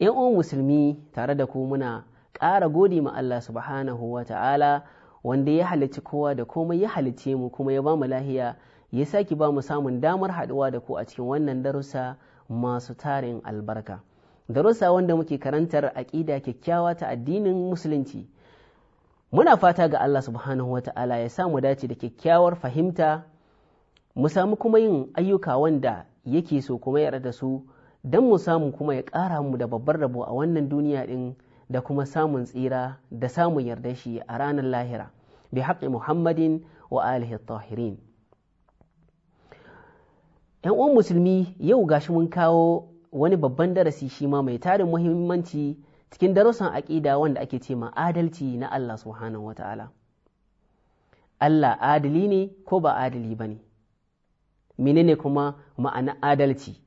‘yan uwan musulmi tare da ku muna ƙara gode ma Allah subhanahu wa ta'ala wanda ya halicci kowa da komai ya halicce mu kuma ya ba mu lahiya ya sake ba mu samun damar haɗuwa da ku a cikin wannan darussa masu tarin albarka darussa wanda muke karantar aƙida kyakkyawa ta addinin musulunci muna fata ga Allah subhanahu wa ta'ala ya samu dace da kyakkyawar fahimta mu samu kuma yin ayyuka wanda yake so kuma yarda da su don mu samu kuma ya ƙara mu da babbar rabo a wannan duniya ɗin da kuma samun tsira da samun yarda shi a ranar lahira bi haƙƙi muhammadin wa alihi tahirin ‘yan uwan musulmi yau gashi mun kawo wani babban darasi shi ma mai tarin muhimmanci cikin darussan aƙida wanda ake ce ma adalci na Allah subhanahu wa ta'ala Allah adali ne ko ba adali ba ne menene kuma ma'ana adalci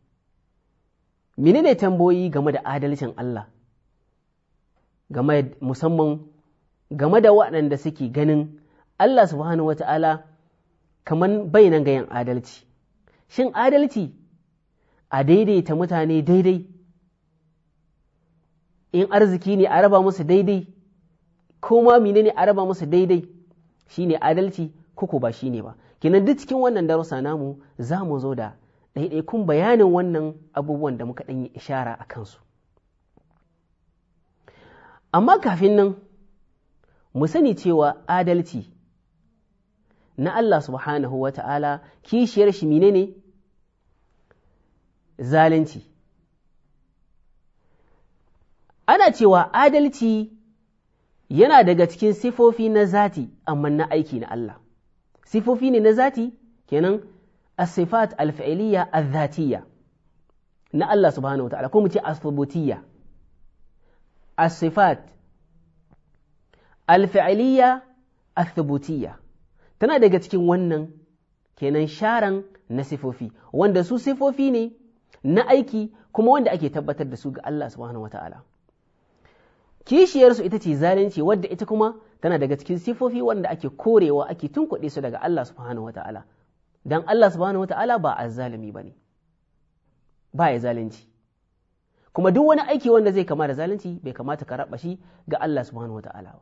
menene tambayoyi game da adalcin Allah game musamman game da waɗanda suke ganin Allah subhanahu Ta'ala kamar bainan gayan adalci shin adalci a daidaita mutane daidai in arziki ne a raba musu daidai ko ma menene a raba musu daidai Shi ne adalci koko ba shi ne ba kenan duk cikin wannan darussa namu za mu zo da ɗaiɗaikun bayanin wannan abubuwan da muka yi ishara a kansu amma kafin nan mu sani cewa adalci na Allah subhanahu wa ta'ala kishiyar shi mine ne zalunci ana cewa adalci yana daga cikin sifofi na zati amma na aiki na Allah sifofi ne na zati kenan Asifat sifat al na Allah subhanahu wataala ko mu ce as Asifat as-sifat tana daga cikin wannan kenan sharan na sifofi wanda su sifofi ne na aiki kuma wanda ake tabbatar da su ga Allah subhanahu wataala kishiyarsu ita ce zalunci wadda ita kuma tana daga cikin sifofi wanda ake korewa ake tunkuɗe su daga Allah subhanahu wataala Dan Allah subhanahu ta’ala ba azzalimi ba ne ba ya zalunci kuma duk wani aiki wanda zai kama da zalunci bai kamata ka raba shi ga Allah subhanahu wata'ala ba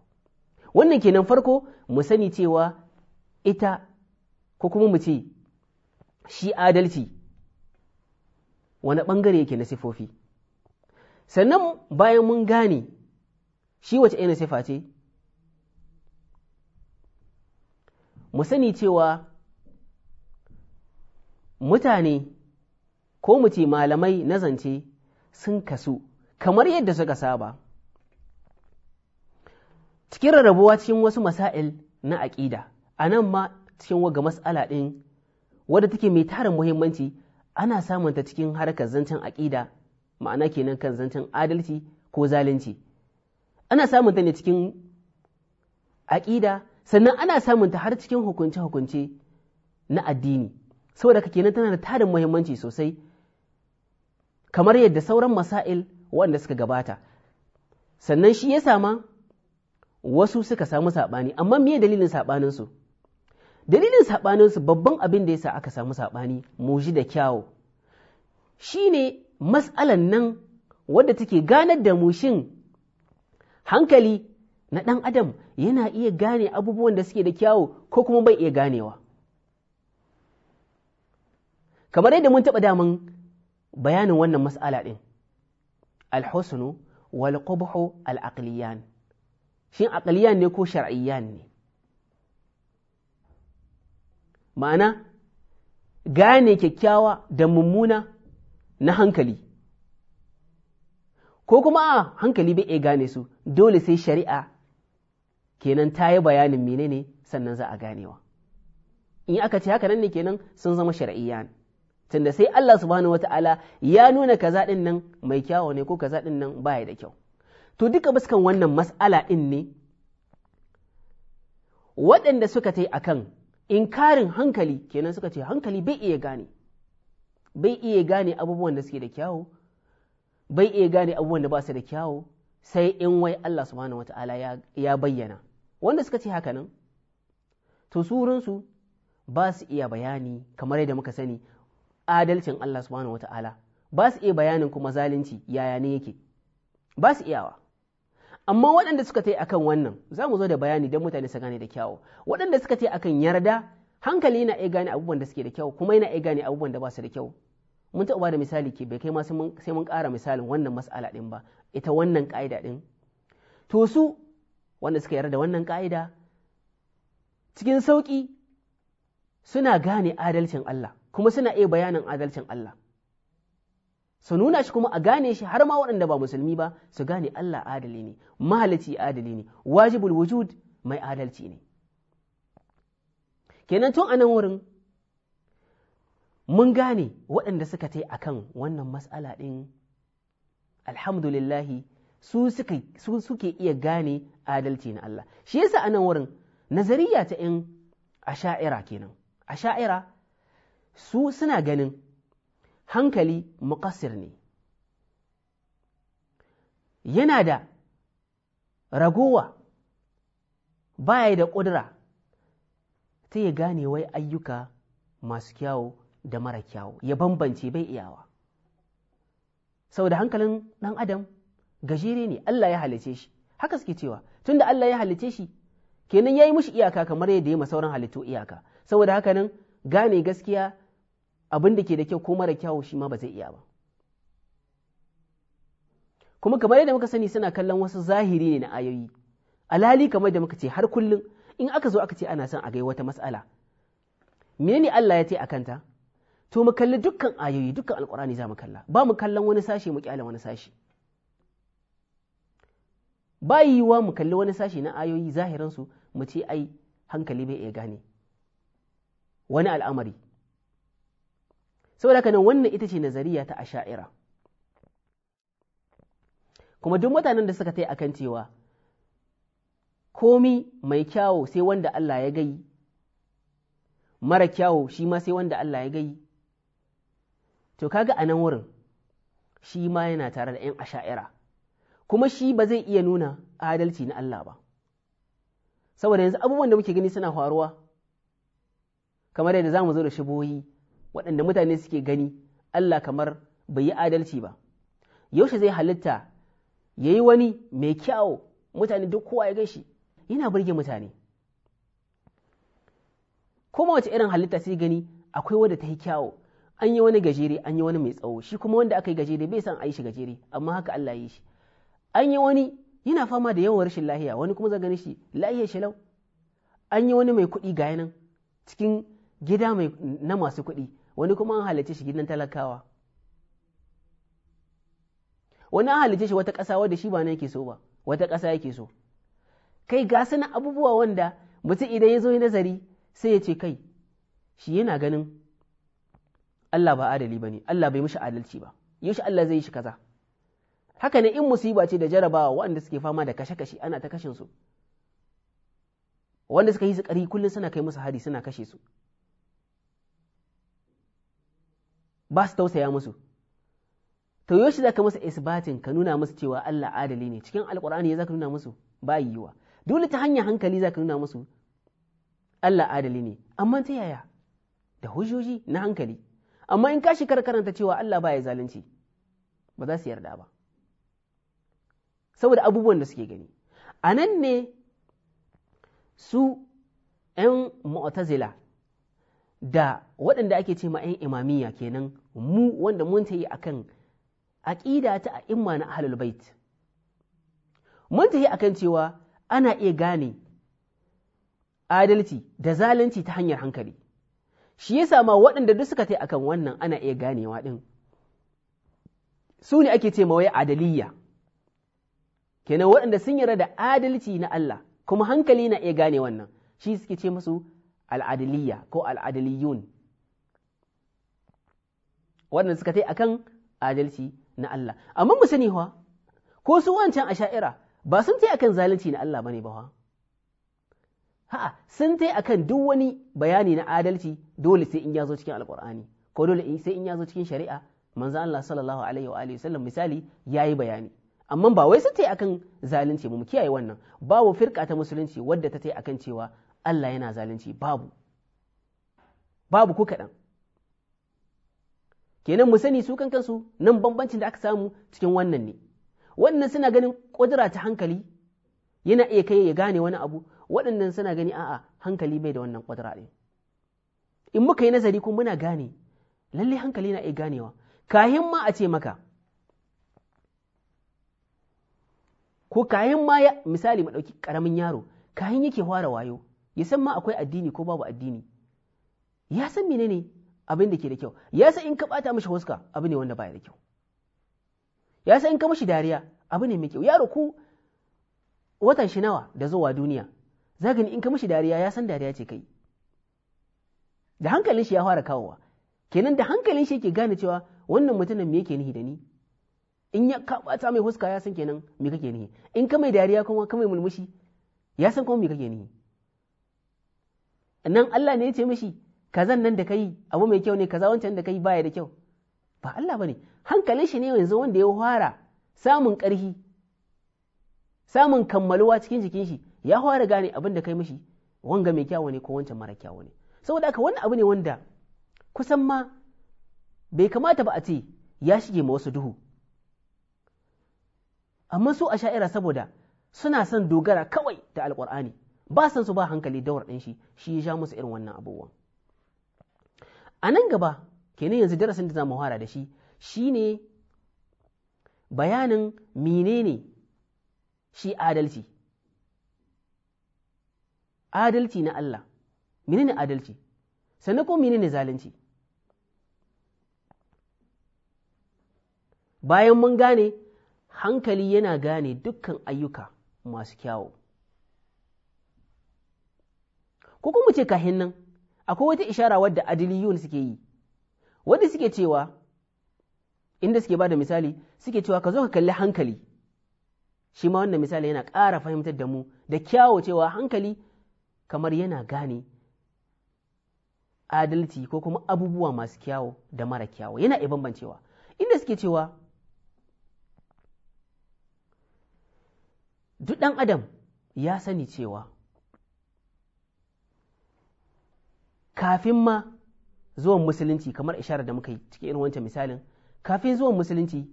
wannan kenan farko mu sani cewa ita ko kuma mu ce shi adalci wani bangare yake na sifofi sannan bayan mun gane shi wace irin sifa ce mu sani cewa mutane ko mu ce malamai na zance sun kasu kamar yadda suka saba cikin rarrabuwa cikin wasu masail na aƙida a nan ma cikin waga matsala ɗin wadda take mai tarin muhimmanci ana samunta cikin harkar zancen aƙida ma'ana kenan kan zancen adalci ko zalunci ana samunta ne cikin aƙida sannan ana samunta har cikin hukunce-hukunce na addini saboda kenan tana da tarin muhimmanci sosai kamar yadda sauran masail waɗanda suka gabata sannan shi ya sama wasu suka samu saɓani amma me dalilin saɓaninsu dalilin saɓaninsu babban abin da ya sa aka samu saɓani muji da kyawu ne matsalan nan wadda take ganar da mushin hankali na ɗan adam yana iya gane abubuwan da suke da kyawu ko kuma bai iya ganewa kamar yadda mun taɓa daman bayanin wannan mas'ala ɗin alhusnu wal qubhu al aqliyan shin aqliyan ne ko shar'iyyan ne ma'ana gane kyakkyawa da mummuna na hankali ko kuma a hankali bai gane su dole sai shari'a kenan ta yi bayanin menene sannan za a ganewa in aka ce haka nan ne kenan sun zama shar'iyyan tunda sai Allah subhanahu wata'ala ya nuna kaza din nan mai kyawo ne ko kaza din nan baya da kyau to duka biskan wannan mas'ala din ne waɗanda suka tai akan inkarin hankali kenan suka ce hankali bai iya gane bai iya gane abubuwan da suke da kyawu bai iya gane abubuwan da ba su da kyawu sai in wai Allah subhanahu wata'ala ya bayyana wanda suka ce haka nan to surunsu ba su iya bayani kamar yadda muka sani adalcin Allah subhanahu wata'ala ba su iya bayanin kuma zalunci yaya ne yake ba su iyawa amma waɗanda suka ta akan wannan za mu zo da bayani don mutane su gane da kyawu waɗanda suka ta akan yarda hankali yana iya gane abubuwan da suke da kyau kuma yana iya gane abubuwan da ba su da kyau mun taɓa bada misali ke bai kai ma sai mun ƙara misalin wannan mas'ala ɗin ba ita wannan ƙa'ida ɗin to su wanda suka yarda wannan ƙa'ida cikin sauƙi suna gane adalcin Allah kuma suna iya bayanin adalcin Allah su nuna shi kuma a gane shi har ma waɗanda ba musulmi ba su gane Allah adali ne mahalici adali ne wajibul wujud mai adalci ne kenan tun anan wurin mun gane waɗanda suka a akan wannan matsala ɗin alhamdulillahi su suke iya gane adalci na Allah shi yasa anan wurin nazariya ta ‘yan sha'ira kenan a sha'ira. su suna ganin hankali muƙasir ne yana da ragowa baya da ƙudura ta ya gane wai ayyuka masu kyawu da mara kyawu ya bambance bai iyawa saboda hankalin ɗan adam gajere ne Allah ya halice shi haka suke cewa tun da Allah ya halice shi kenan ya yi mushi iyaka kamar yadda ya yi sauran halittu iyaka saboda haka nan gane gaskiya abin da ke da kyau ko mara kyau shi ma ba zai iya ba kuma kamar yadda muka sani suna kallon wasu zahiri ne na ayoyi alhali kamar da muka ce har kullum in aka zo aka ce ana son a ga wata mas'ala menene Allah ya ce a kanta to mu kalli dukkan ayoyi dukkan alkurani za mu kalla ba mu kallon wani sashe mu kyale wani sashe ba yiwuwa mu kalli wani sashe na ayoyi zahiransu mu ce ai hankali bai iya gane wani al'amari saboda nan wannan ita ce nazariya ta asha'ira kuma duk mutanen da suka tai akan cewa komi mai kyawo sai wanda Allah ya gai mara kyawo shi ma sai wanda Allah ya gai to kaga a nan wurin shi ma yana tare da 'yan asha'ira kuma shi ba zai iya nuna adalci na Allah ba saboda yanzu abubuwan da muke gani suna faruwa kamar yadda za mu zo da shibohi waɗanda mutane suke gani Allah kamar bai yi adalci ba yaushe zai halitta ya yi wani mai kyawo mutane duk kowa ya gashi yana burge mutane kuma wace irin halitta sai gani akwai wanda ta yi kyawo an yi wani gajere an yi wani mai tsawo shi kuma wanda aka yi gajere bai san a yi shi gajere amma haka Allah ya yi shi an yi wani yana fama da yawan rashin lahiya wani kuma gani shi lahiya lau. an yi wani mai kuɗi ga nan cikin gida na masu kuɗi wani kuma an halarci shi gidan talakawa wani an halarci shi wata ƙasa wadda shi ba na yake so ba wata ƙasa yake so kai ga sanin abubuwa wanda mutum idan ya zo yi nazari sai ya ce kai shi yana ganin Allah ba adali ba ne Allah bai mishi adalci ba yaushe Allah zai yi shi kaza haka ne in musiba ce da jarabawa waɗanda suke fama da kashe-kashe ana ta kashin su wanda suka yi su ƙari kullum suna kai musu hari suna kashe su ba su tausaya musu to yoshi zaka masa isbatin ka nuna musu cewa Allah adali ne cikin alkur'ani ya zaka nuna musu ba yiwa dole ta hanyar hankali zaka nuna musu Allah adali ne amma ta yaya da hujjoji na hankali amma in ka shekara karanta cewa Allah ba ya zalunci ba za su yarda ba saboda abubuwan da suke gani a ne su 'yan mu'tazila da waɗanda ake ce ma 'yan imamiyya kenan mu wanda mun ta yi akan aƙida ta a imma na ahlul bait mun ta yi akan cewa ana iya gane adalci da zalunci ta hanyar hankali shi yasa ma waɗanda duk suka ta akan wannan ana iya ganewa ɗin su ne ake ce mawai adaliyya kenan waɗanda sun yarda da adalci na Allah kuma hankali na iya gane wannan shi suke ce masu al'adaliyya ko al'adaliyun waɗanda suka tai akan adalci na Allah amma mu sani ko su wancan asha'ira ba sun tai akan zalunci na Allah bane ba wa? Ha'a sun tai akan duk wani bayani na adalci dole sai in ya cikin alkur'ani ko dole sai in ya cikin shari'a manzo Allah sallallahu alaihi wa alihi sallam misali yayi bayani amma ba wai sun tai akan zalunci mu kiyaye wannan babu firka ta musulunci wadda ta tai akan cewa Allah yana zalunci babu babu ko kaɗan kenan mu sani su kansu nan bambancin da aka samu cikin wannan ne wannan suna ganin ƙudura ta hankali yana iya kai ya gane wani abu waɗannan suna gani a'a hankali bai da wannan ƙudura ɗin in muka yi nazari kuma muna gane lalle hankali na iya ganewa kahin ma a ce maka ko kahin ma misali mu ɗauki ƙaramin yaro kahin yake fara wayo ya san ma akwai addini ko babu addini ya san menene abin da ke da kyau ya sa in ka bata mishi huska abu ne wanda baya da kyau ya sa in ka mishi dariya abu ne mai kyau yaro ku watan shi nawa da zuwa duniya zagani in ka mishi dariya ya san dariya ce kai da hankalin shi ya fara kawowa kenan da hankalin shi yake gane cewa wannan mutumin me yake nihi da ni in ya bata mai huska ya san kenan me kake nihi in ka mai dariya kuma ka mai mulmushi ya san kuma me kake nihi nan Allah ne ya ce mishi kazan nan da kai abu mai kyau ne kaza wancan da kai baya da kyau ba Allah bane hankalin shi ne yanzu wanda ya fara samun ƙarfi samun kammaluwa cikin jikin shi ya fara gane abin da kai mishi wanga mai kyau ne ko wancan mara kyau ne saboda haka wannan abu ne wanda kusan ma bai kamata ba a ce ya shige ma wasu duhu amma su a sha'ira saboda suna son dogara kawai da alƙur'ani ba san su ba hankali daura ɗin shi shi ya sha musu irin wannan abubuwan a nan gaba kenan yanzu darasin da zamu fara da shi shine bayanin menene shi adalci adalci na Allah menene adalci sannan ko menene zalunci bayan mun gane hankali yana gane dukkan ayyuka masu kyawu ko kuma ce kahin nan akwai wata ishara wadda adiliyun suke yi wadda suke cewa inda suke ba da misali suke cewa ka zo ka kalli hankali shi ma wannan misali yana ƙara fahimtar da mu da kyawo cewa hankali kamar yana gane adalci ko kuma abubuwa masu kyawo da mara kyawo yana iya bambancewa inda suke cewa duk ɗan adam ya sani cewa kafin ma zuwan musulunci kamar ishara da muka yi cikin irin wancan misalin kafin zuwan musulunci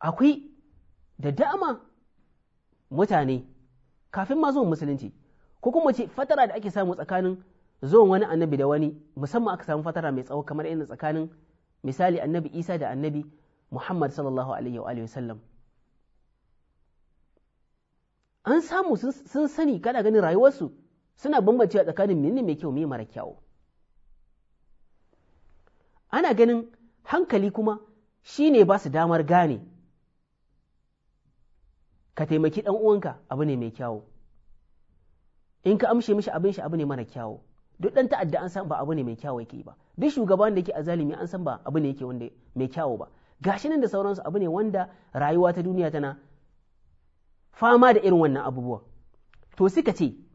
akwai da dama mutane kafin ma zuwan musulunci ko kuma ce fatara da ake samu tsakanin zuwan wani annabi da wani musamman aka samu fatara mai tsawo kamar irin tsakanin misali annabi isa da annabi muhammad sallallahu alaihi wa sallam an samu sun sani kada ganin rayuwarsu suna bambancewa tsakanin menene mai kyau mai mara kyau ana ganin hankali kuma shine ne ba su damar gane ka taimaki ɗan uwanka abu ne mai kyau in ka amshe mishi abin shi abu ne mara kyau duk ɗan ta'adda an san ba abu ne mai kyau yake ba duk shugaban da yake a zalimi an san ba abu ne yake wanda mai kyau ba gashi nan da sauransu abu ne wanda rayuwa ta duniya tana fama da irin wannan abubuwa to suka ce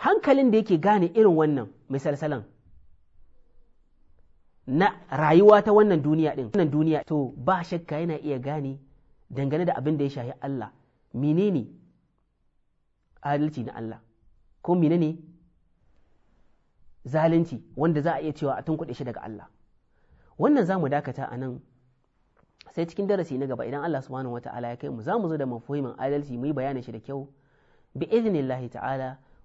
hankalin da yake gane irin wannan misalsalan na rayuwa ta wannan duniya ɗin wannan duniya to ba shakka yana iya gane dangane da abin da ya shahi Allah menene adalci na Allah ko menene zalunci wanda za a iya cewa a tun kuɗe shi daga Allah wannan za mu dakata a nan sai cikin darasi na gaba idan Allah subhanahu wata'ala ya kai mu za mu zo da mafuhimin adalci mu yi bayanin shi da kyau bi idnillahi ta'ala